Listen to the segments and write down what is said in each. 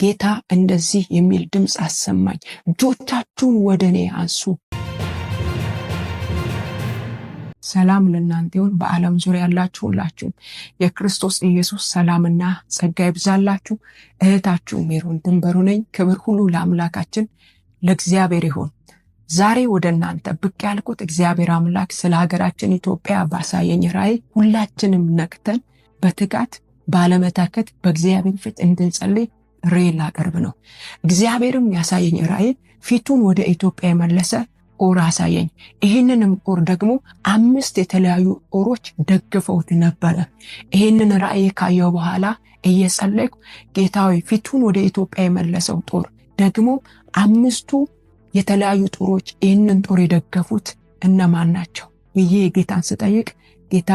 ጌታ እንደዚህ የሚል ድምፅ አሰማኝ፣ እጆቻችሁን ወደ እኔ አንሱ። ሰላም ለእናንተ ይሁን። በዓለም ዙሪያ ያላችሁ ሁላችሁም የክርስቶስ ኢየሱስ ሰላምና ጸጋ ይብዛላችሁ። እህታችሁ ሜሮን ድንበሩ ነኝ። ክብር ሁሉ ለአምላካችን ለእግዚአብሔር ይሁን። ዛሬ ወደ እናንተ ብቅ ያልኩት እግዚአብሔር አምላክ ስለ ሀገራችን ኢትዮጵያ ባሳየኝ ራእይ ሁላችንም ነቅተን በትጋት ባለመታከት በእግዚአብሔር ፊት እንድንጸልይ ራዕይ ላቀርብ ነው። እግዚአብሔርም ያሳየኝ ራእይ ፊቱን ወደ ኢትዮጵያ የመለሰ ጦር አሳየኝ። ይህንንም ጦር ደግሞ አምስት የተለያዩ ጦሮች ደግፈውት ነበረ። ይህንን ራእይ ካየው በኋላ እየጸለይኩ ጌታዊ ፊቱን ወደ ኢትዮጵያ የመለሰው ጦር ደግሞ አምስቱ የተለያዩ ጦሮች ይህንን ጦር የደገፉት እነማን ናቸው ብዬ ጌታን ስጠይቅ ጌታ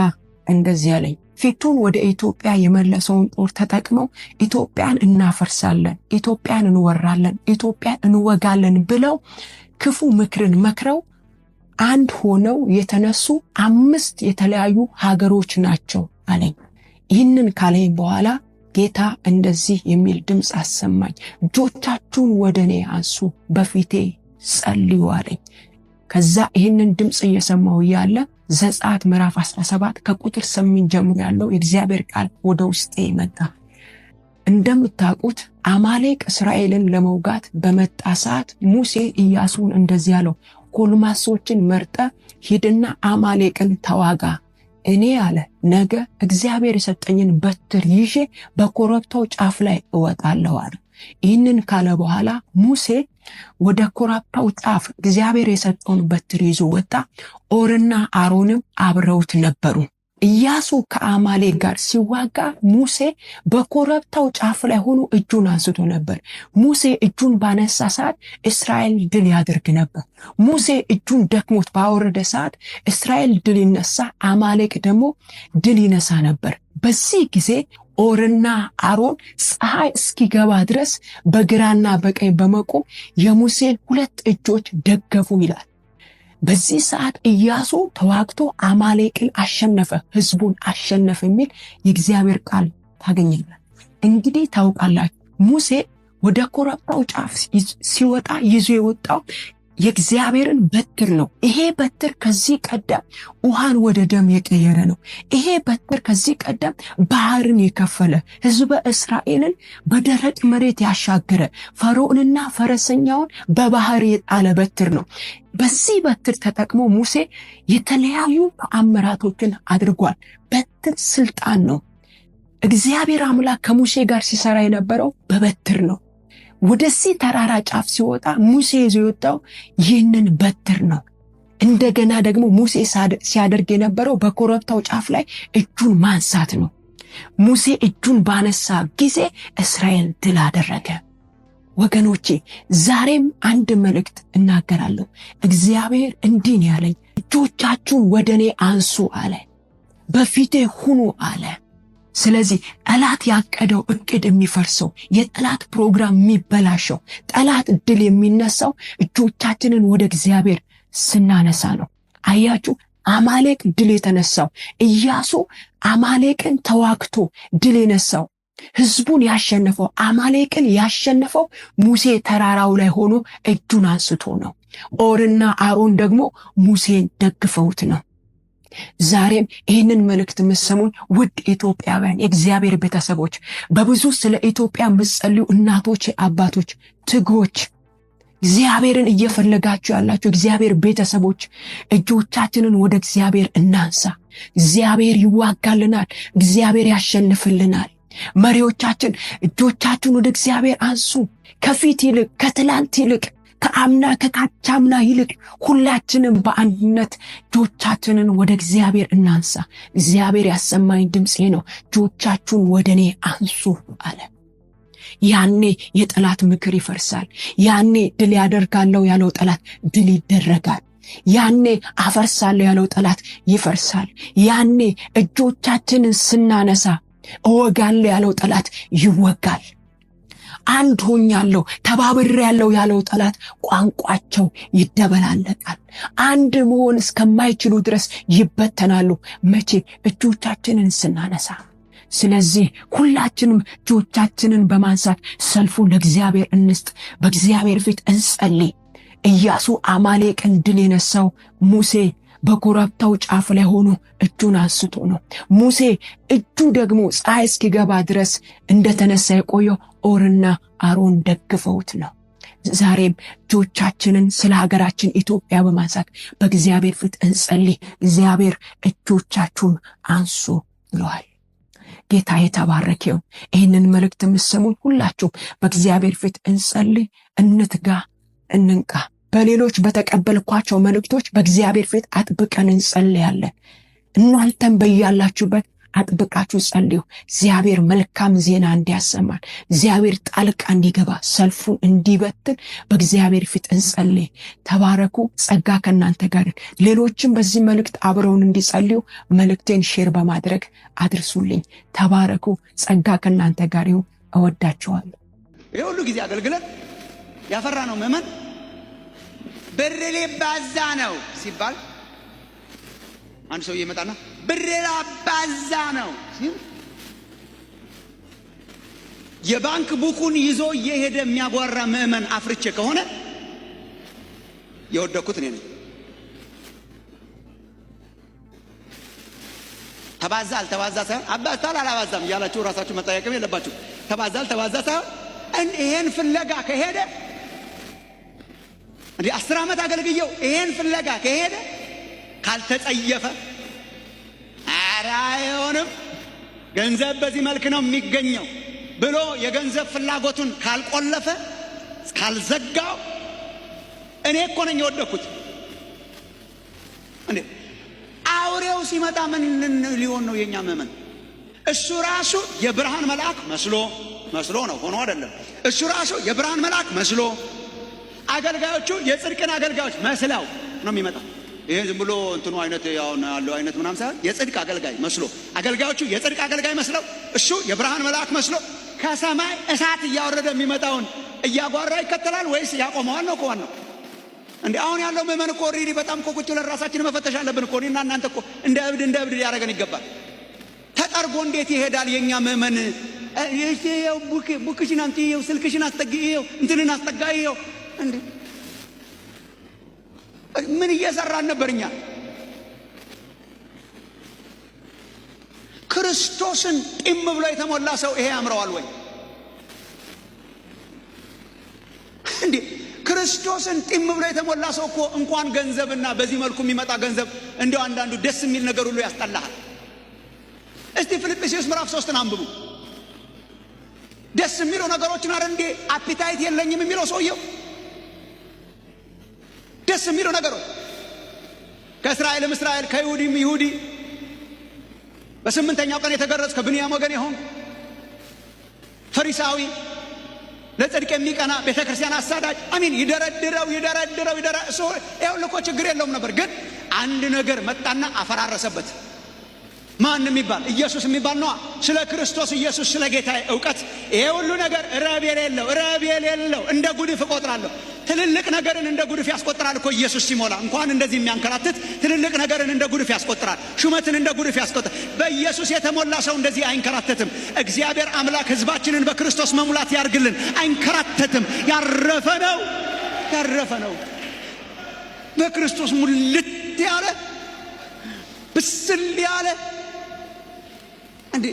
እንደዚህ አለኝ፣ ፊቱን ወደ ኢትዮጵያ የመለሰውን ጦር ተጠቅመው ኢትዮጵያን እናፈርሳለን፣ ኢትዮጵያን እንወራለን፣ ኢትዮጵያን እንወጋለን ብለው ክፉ ምክርን መክረው አንድ ሆነው የተነሱ አምስት የተለያዩ ሀገሮች ናቸው አለኝ። ይህንን ካለኝ በኋላ ጌታ እንደዚህ የሚል ድምፅ አሰማኝ። እጆቻችሁን ወደ እኔ አንሱ፣ በፊቴ ጸልዩ አለኝ። ከዛ ይህንን ድምፅ እየሰማው እያለ ዘጸአት ምዕራፍ 17 ከቁጥር ስምንት ጀምሮ ያለው የእግዚአብሔር ቃል ወደ ውስጤ መጣ። እንደምታውቁት አማሌቅ እስራኤልን ለመውጋት በመጣ ሰዓት ሙሴ ኢያሱን እንደዚህ አለው፣ ጎልማሶችን መርጠ ሂድና አማሌቅን ተዋጋ። እኔ አለ ነገ እግዚአብሔር የሰጠኝን በትር ይዤ በኮረብታው ጫፍ ላይ እወጣለሁ አለ። ይህንን ካለ በኋላ ሙሴ ወደ ኮረብታው ጫፍ እግዚአብሔር የሰጠውን በትር ይዞ ወጣ። ኦርና አሮንም አብረውት ነበሩ። ኢያሱ ከአማሌክ ጋር ሲዋጋ ሙሴ በኮረብታው ጫፍ ላይ ሆኖ እጁን አንስቶ ነበር። ሙሴ እጁን ባነሳ ሰዓት እስራኤል ድል ያደርግ ነበር። ሙሴ እጁን ደክሞት ባወረደ ሰዓት እስራኤል ድል ይነሳ፣ አማሌቅ ደግሞ ድል ይነሳ ነበር። በዚህ ጊዜ ኦርና አሮን ፀሐይ እስኪገባ ድረስ በግራና በቀኝ በመቆም የሙሴን ሁለት እጆች ደገፉ ይላል። በዚህ ሰዓት እያሱ ተዋግቶ አማሌቅን አሸነፈ፣ ህዝቡን አሸነፈ የሚል የእግዚአብሔር ቃል ታገኛለን። እንግዲህ ታውቃላችሁ ሙሴ ወደ ኮረብታው ጫፍ ሲወጣ ይዞ የወጣው የእግዚአብሔርን በትር ነው። ይሄ በትር ከዚህ ቀደም ውሃን ወደ ደም የቀየረ ነው። ይሄ በትር ከዚህ ቀደም ባህርን የከፈለ ሕዝበ እስራኤልን በደረቅ መሬት ያሻገረ ፈርዖንና ፈረሰኛውን በባህር የጣለ በትር ነው። በዚህ በትር ተጠቅሞ ሙሴ የተለያዩ ተአምራቶችን አድርጓል። በትር ስልጣን ነው። እግዚአብሔር አምላክ ከሙሴ ጋር ሲሰራ የነበረው በበትር ነው። ወደዚህ ተራራ ጫፍ ሲወጣ ሙሴ ይዞ የወጣው ይህንን በትር ነው። እንደገና ደግሞ ሙሴ ሲያደርግ የነበረው በኮረብታው ጫፍ ላይ እጁን ማንሳት ነው። ሙሴ እጁን ባነሳ ጊዜ እስራኤል ድል አደረገ። ወገኖቼ ዛሬም አንድ መልእክት እናገራለሁ። እግዚአብሔር እንዲህ ያለኝ፣ እጆቻችሁን ወደ እኔ አንሱ አለ፣ በፊቴ ሁኑ አለ። ስለዚህ ጠላት ያቀደው እቅድ የሚፈርሰው የጠላት ፕሮግራም የሚበላሸው ጠላት ድል የሚነሳው እጆቻችንን ወደ እግዚአብሔር ስናነሳ ነው። አያችሁ፣ አማሌቅ ድል የተነሳው እያሱ አማሌቅን ተዋግቶ ድል የነሳው ህዝቡን ያሸነፈው አማሌቅን ያሸነፈው ሙሴ ተራራው ላይ ሆኖ እጁን አንስቶ ነው። ኦርና አሮን ደግሞ ሙሴን ደግፈውት ነው። ዛሬም ይህንን መልእክት የምትሰሙኝ ውድ ኢትዮጵያውያን የእግዚአብሔር ቤተሰቦች፣ በብዙ ስለ ኢትዮጵያ የምትጸልዩ እናቶች፣ አባቶች፣ ትጎች እግዚአብሔርን እየፈለጋችሁ ያላችሁ እግዚአብሔር ቤተሰቦች እጆቻችንን ወደ እግዚአብሔር እናንሳ። እግዚአብሔር ይዋጋልናል። እግዚአብሔር ያሸንፍልናል። መሪዎቻችን እጆቻችሁን ወደ እግዚአብሔር አንሱ። ከፊት ይልቅ ከትላንት ይልቅ ከአምና ከካቻምና ይልቅ ሁላችንም በአንድነት እጆቻችንን ወደ እግዚአብሔር እናንሳ። እግዚአብሔር ያሰማኝ ድምፄ ነው፣ እጆቻችሁን ወደ እኔ አንሱ አለ። ያኔ የጠላት ምክር ይፈርሳል። ያኔ ድል ያደርጋለሁ ያለው ጠላት ድል ይደረጋል። ያኔ አፈርሳለሁ ያለው ጠላት ይፈርሳል። ያኔ እጆቻችንን ስናነሳ እወጋለሁ ያለው ጠላት ይወጋል። አንድ ሆኛለሁ ተባብሬያለሁ ያለው ጠላት ቋንቋቸው ይደበላለቃል። አንድ መሆን እስከማይችሉ ድረስ ይበተናሉ። መቼ እጆቻችንን ስናነሳ። ስለዚህ ሁላችንም እጆቻችንን በማንሳት ሰልፉ ለእግዚአብሔር እንስጥ፣ በእግዚአብሔር ፊት እንጸልይ። ኢያሱ አማሌቅን ድል የነሳው ሙሴ በኮረብታው ጫፍ ላይ ሆኖ እጁን አንስቶ ነው። ሙሴ እጁ ደግሞ ፀሐይ እስኪገባ ድረስ እንደተነሳ የቆየው ኦርና አሮን ደግፈውት ነው። ዛሬም እጆቻችንን ስለ ሀገራችን ኢትዮጵያ በማንሳት በእግዚአብሔር ፊት እንጸልይ። እግዚአብሔር እጆቻችሁን አንሱ ብለዋል። ጌታ የተባረከ ይህንን መልእክት የምትሰሙኝ ሁላችሁም በእግዚአብሔር ፊት እንጸልይ፣ እንትጋ፣ እንንቃ። በሌሎች በተቀበልኳቸው መልእክቶች በእግዚአብሔር ፊት አጥብቀን እንጸልያለን። እናንተም በያላችሁበት አጥብቃችሁ ጸልዩ። እግዚአብሔር መልካም ዜና እንዲያሰማን፣ እግዚአብሔር ጣልቃ እንዲገባ፣ ሰልፉን እንዲበትን በእግዚአብሔር ፊት እንጸልይ። ተባረኩ። ጸጋ ከእናንተ ጋር። ሌሎችም በዚህ መልእክት አብረውን እንዲጸልዩ መልእክቴን ሼር በማድረግ አድርሱልኝ። ተባረኩ። ጸጋ ከእናንተ ጋር ይሁን። እወዳችኋለሁ። ሁሉ ጊዜ አገልግሎት ያፈራ ነው መመን ብር ባዛ ነው ሲባል አንድ ሰውዬ ይመጣና ብርላ ባዛ ነው የባንክ ቡኩን ይዞ እየሄደ የሚያጓራ ምዕመን አፍርቼ ከሆነ የወደኩት እኔ ነኝ። ተባዛ አልተባዛ ሳይሆን አባዝታል አላባዛም እያላችሁ ራሳችሁ መጠያቀም የለባችሁ። ተባዛ አልተባዛ ሳይሆን ይሄን ፍለጋ ከሄደ እንዲ አስር ዓመት አገልግየው ይሄን ፍለጋ ከሄደ ካልተጸየፈ ኧረ አይሆንም፣ ገንዘብ በዚህ መልክ ነው የሚገኘው ብሎ የገንዘብ ፍላጎቱን ካልቆለፈ ካልዘጋው፣ እኔ እኮ ነኝ የወደኩት። እንዴ አውሬው ሲመጣ ምን ሊሆን ነው የኛ መመን? እሱ ራሱ የብርሃን መልአክ መስሎ መስሎ ነው ሆኖ አይደለም። እሱ ራሱ የብርሃን መልአክ መስሎ አገልጋዮቹ የጽድቅን አገልጋዮች መስለው ነው የሚመጣው። ይሄ ዝም ብሎ እንትኑ አይነት ያውን ያለው አይነት ምናምን ሳይሆን የጽድቅ አገልጋይ መስሎ አገልጋዮቹ የጽድቅ አገልጋይ መስለው እሱ የብርሃን መልአክ መስሎ ከሰማይ እሳት እያወረደ የሚመጣውን እያጓራ ይከተላል ወይስ ያቆመዋል? ነው ከዋን ነው እንዴ? አሁን ያለው ምእመን እኮ ኦልሬዲ በጣም እኮ ቁጭ ብለን ራሳችን መፈተሽ አለብን እኮ እኔና እናንተ እኮ እንደ እብድ እንደ እብድ ሊያደርገን ይገባል። ተጠርጎ እንዴት ይሄዳል የእኛ ምእመን? ይኸው ቡክሽን አምጪ፣ ይኸው ስልክሽን አስጠጊ፣ ይኸው እንትንን አስጠጋ፣ ይኸው እንዴ ምን እየሰራን ነበር እኛ? ክርስቶስን ጢም ብሎ የተሞላ ሰው ይሄ ያምረዋል ወይ እንዴ? ክርስቶስን ጢም ብሎ የተሞላ ሰው እኮ እንኳን ገንዘብና በዚህ መልኩ የሚመጣ ገንዘብ እንዲው አንዳንዱ ደስ የሚል ነገር ሁሉ ያስጠላሃል። እስቲ ፊልጵስዩስ ምዕራፍ ሶስትን አንብቡ። ደስ የሚለው ነገሮችን አረ እንዴ አፒታይት የለኝም የሚለው ሰውየው ደስ የሚሉ ነገሮች ከእስራኤልም እስራኤል ከይሁዲም ይሁዲ በስምንተኛው ቀን የተገረጽ ከብንያም ወገን የሆን ፈሪሳዊ ለጽድቅ የሚቀና ቤተ ክርስቲያን አሳዳጅ አሚን ይደረድረው ይደረድረው ይደረ እሱ ይኸው ልኮ ችግር የለውም ነበር። ግን አንድ ነገር መጣና አፈራረሰበት። ማን የሚባል ኢየሱስ የሚባል ነዋ። ስለ ክርስቶስ ኢየሱስ ስለ ጌታ እውቀት ይሄ ሁሉ ነገር ረብ የሌለው ረብ የሌለው እንደ ጉድፍ እቆጥራለሁ ትልልቅ ነገርን እንደ ጉድፍ ያስቆጥራል እኮ ኢየሱስ ሲሞላ እንኳን እንደዚህ የሚያንከራትት ትልልቅ ነገርን እንደ ጉድፍ ያስቆጥራል። ሹመትን እንደ ጉድፍ ያስቆጥራል። በኢየሱስ የተሞላ ሰው እንደዚህ አይንከራተትም። እግዚአብሔር አምላክ ሕዝባችንን በክርስቶስ መሙላት ያርግልን። አይንከራተትም። ያረፈ ነው፣ ያረፈ ነው። በክርስቶስ ሙልት ያለ ብስል ያለ እንዴ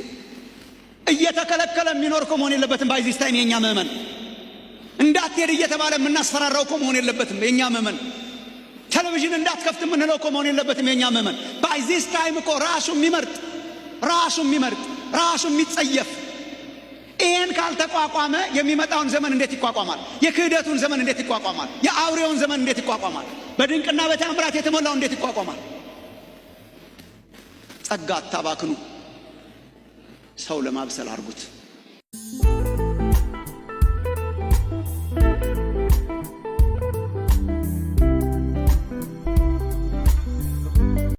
እየተከለከለ የሚኖር እኮ መሆን የለበትም። ባይዚስታይን የእኛ ምእመን እንዳትሄድ እየተባለ የምናስፈራራው እኮ መሆን የለበትም የእኛ መመን። ቴሌቪዥን እንዳትከፍት የምንለው እኮ መሆን የለበትም የእኛ መመን። ባይ ዚስ ታይም እኮ ራሱ የሚመርጥ ራሱ የሚመርጥ ራሱ የሚጸየፍ ይህን ካልተቋቋመ የሚመጣውን ዘመን እንዴት ይቋቋማል? የክህደቱን ዘመን እንዴት ይቋቋማል? የአውሬውን ዘመን እንዴት ይቋቋማል? በድንቅና በተአምራት የተሞላው እንዴት ይቋቋማል? ጸጋ አታባክኑ። ሰው ለማብሰል አድርጉት።